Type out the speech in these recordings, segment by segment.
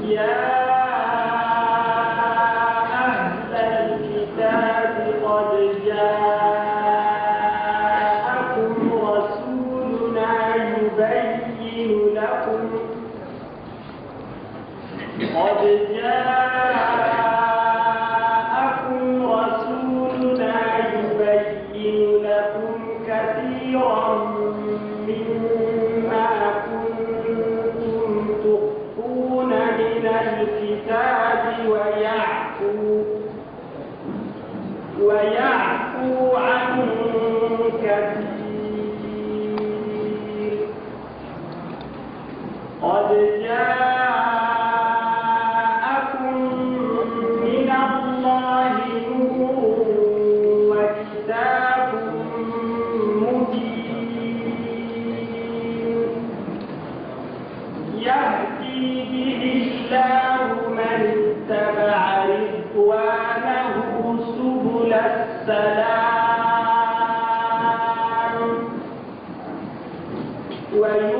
Ja. ويعفو عن كثير قد جاء everywhere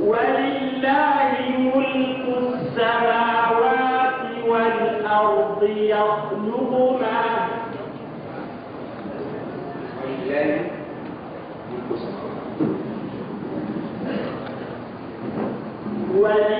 ولله ملك السماوات والأرض يخلق ما ولله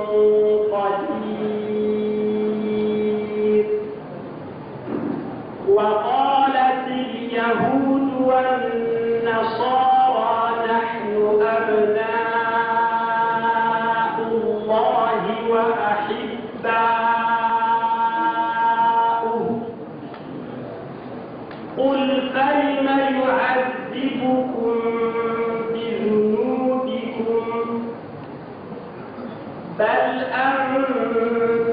قل فلم يعذبكم بذنوبكم بل أنتم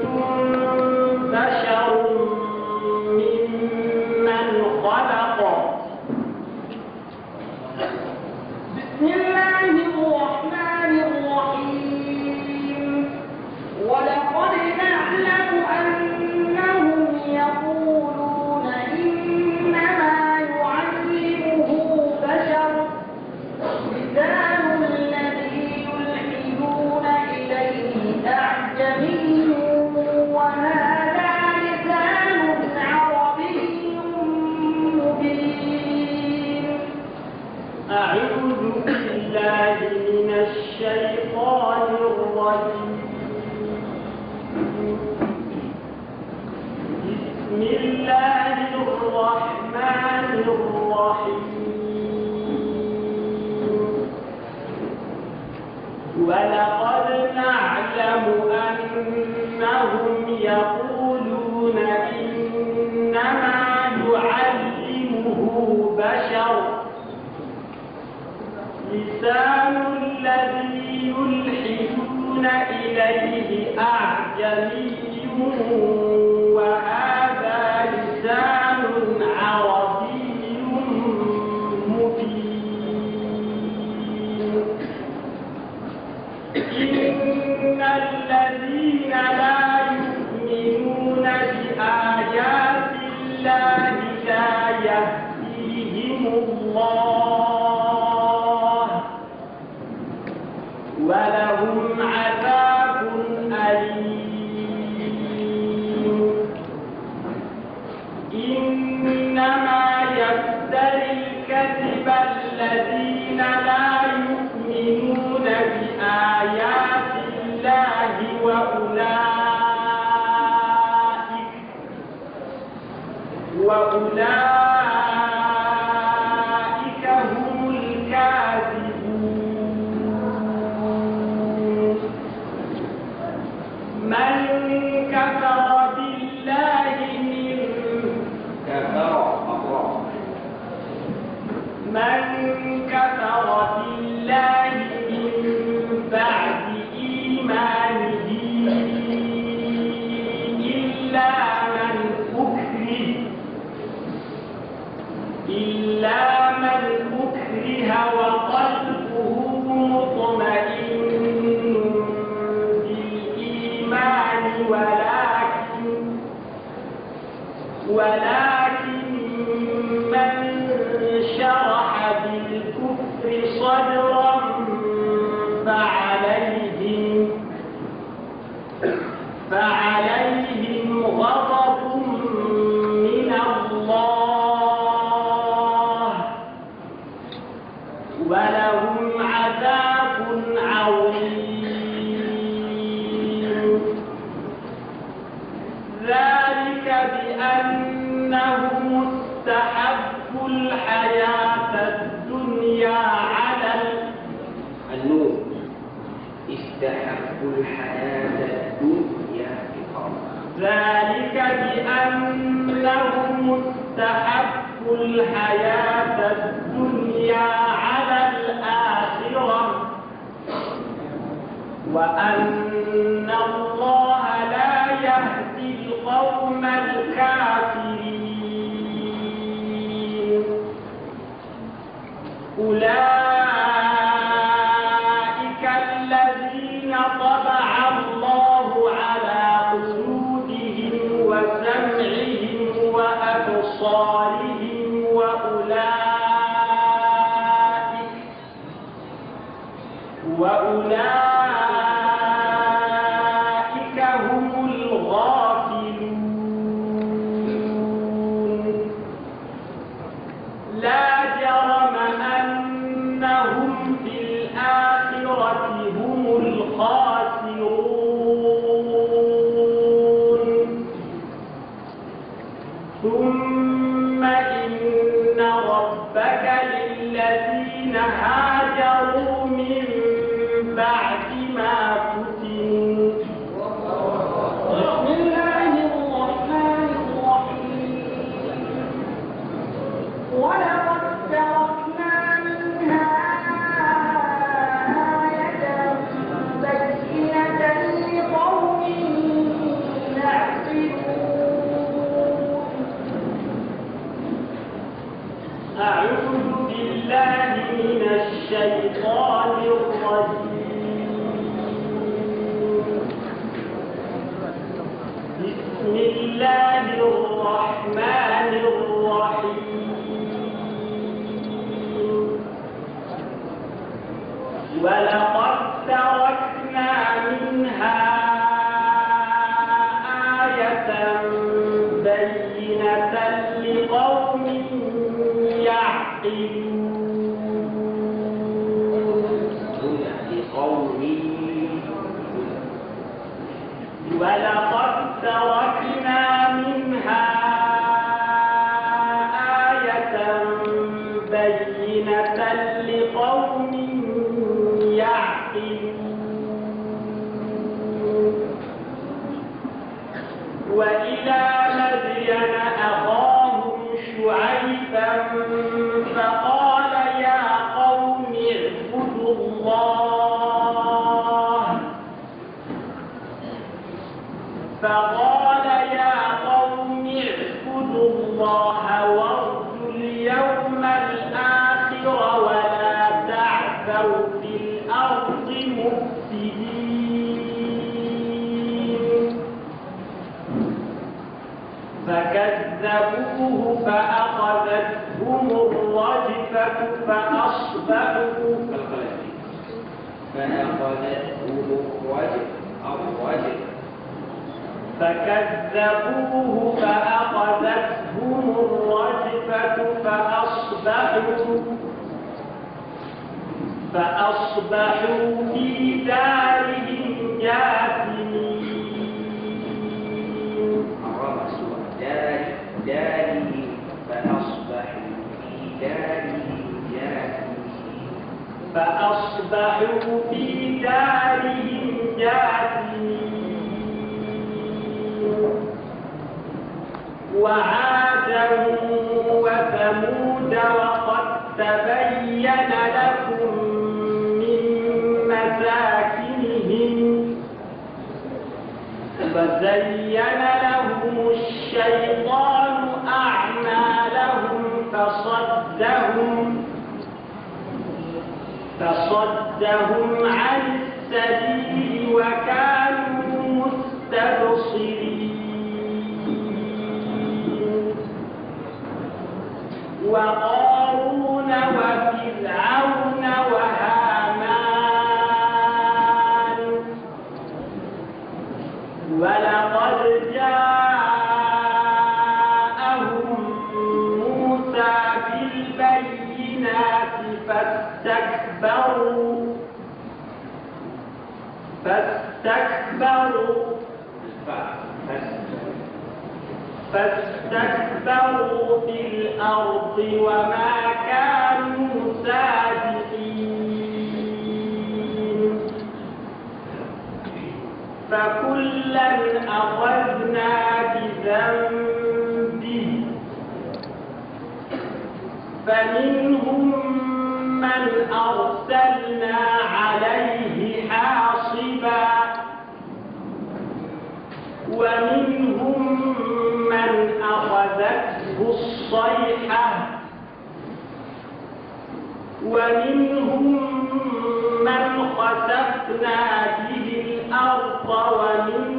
يقولون إنما يعلمه بشر لسان الذي يلحدون إليه أعجمي igual أنه مستحب الحياة الدنيا على النور ذلك بأنه مستحب الحياة الدنيا على الآخرة وأن أولئك بالله من الشيطان الرجيم بسم الله الرحمن الرحيم ولقد تركنا منها آية بينة لقوم يعقلون Now, فقال يا قوم اعبدوا الله وارجوا اليوم الآخر ولا تعثوا في الأرض مفسدين فكذبوه فأخذتهم الرجفة فأصبحوا فأخذتهم الرجفة فكذبوه فأخذتهم الرجفة فأصبحوا فأصبحوا في دارهم جاثمين فأصبحوا في دارهم فأصبحوا في دارهم جاثمين وعادا وثمود وقد تبين لكم من مساكنهم فزين لهم الشيطان أعمالهم فصدهم فصدهم عن السبيل وقارون وفرعون وهامان ولقد جاءهم موسى بالبينات فاستكبروا فاستكبروا فاستكبروا واستكبروا في الأرض وما كانوا سابقين فكلا أخذنا بذنبه فمنهم من أرسلنا عليه حاصبا أخذته الصيحة ومنهم من خسفنا به الأرض ومنهم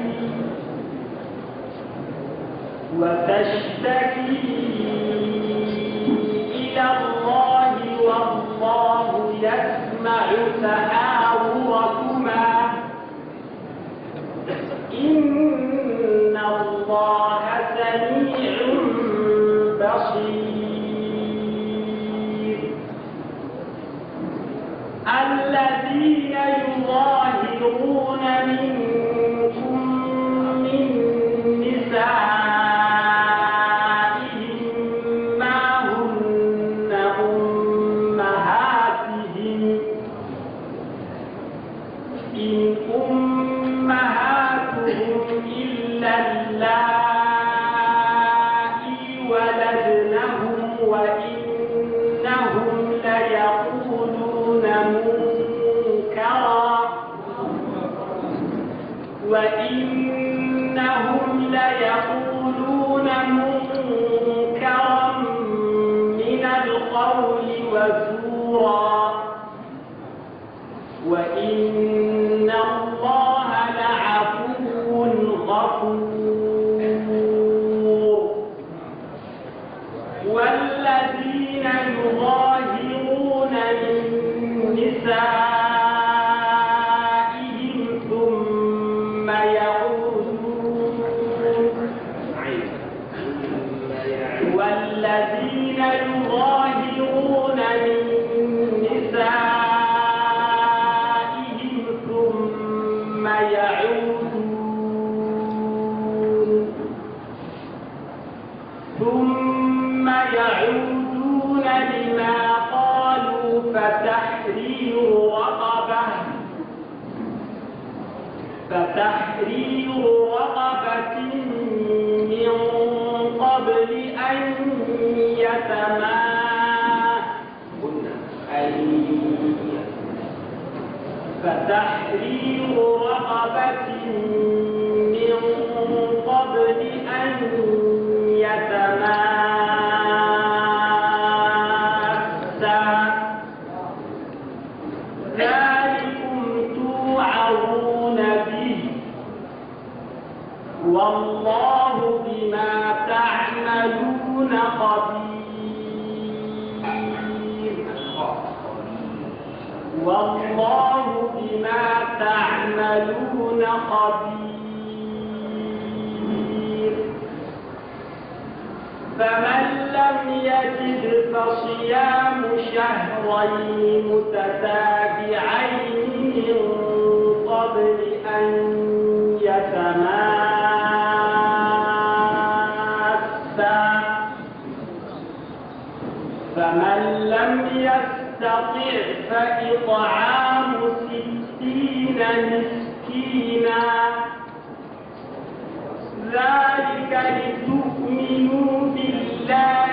وتشتكي إلى الله والله يسمع تآلك ثم يعودون لما قالوا فتحرير رقبة فتحرير رقبة من قبل أن يتماء فتحرير رقبة ذلكم توعظون به والله بما تعملون خبير والله بما تعملون خبير فمن لم يجد فصيام شهرين متتابعين من قبل أن يتماسا فمن لم يستطع فإطعام ستين مسكينا ذلك لتوبة تؤمنوا بالله